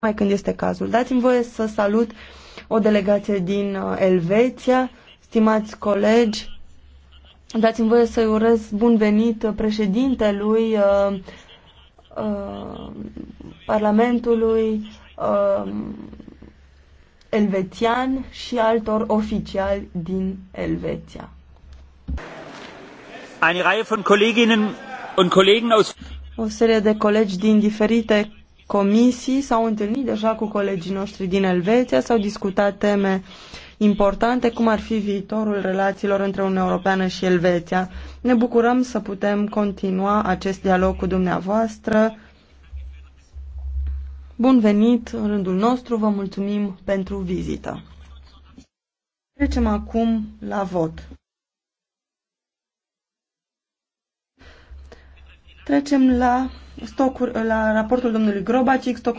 mai când este cazul. Dați-mi voie să salut o delegație din uh, Elveția, stimați colegi, dați-mi voie să-i urez bun venit uh, președintelui uh, uh, Parlamentului uh, elvețian și altor oficiali din Elveția. Eine Reihe von Kolleginnen und Kollegen aus o serie de colegi din diferite comisii s-au întâlnit deja cu colegii noștri din Elveția, s-au discutat teme importante, cum ar fi viitorul relațiilor între Uniunea Europeană și Elveția. Ne bucurăm să putem continua acest dialog cu dumneavoastră. Bun venit în rândul nostru, vă mulțumim pentru vizită. Trecem acum la vot. Trecem la stocuri, la raportul domnului Grobacic, stocuri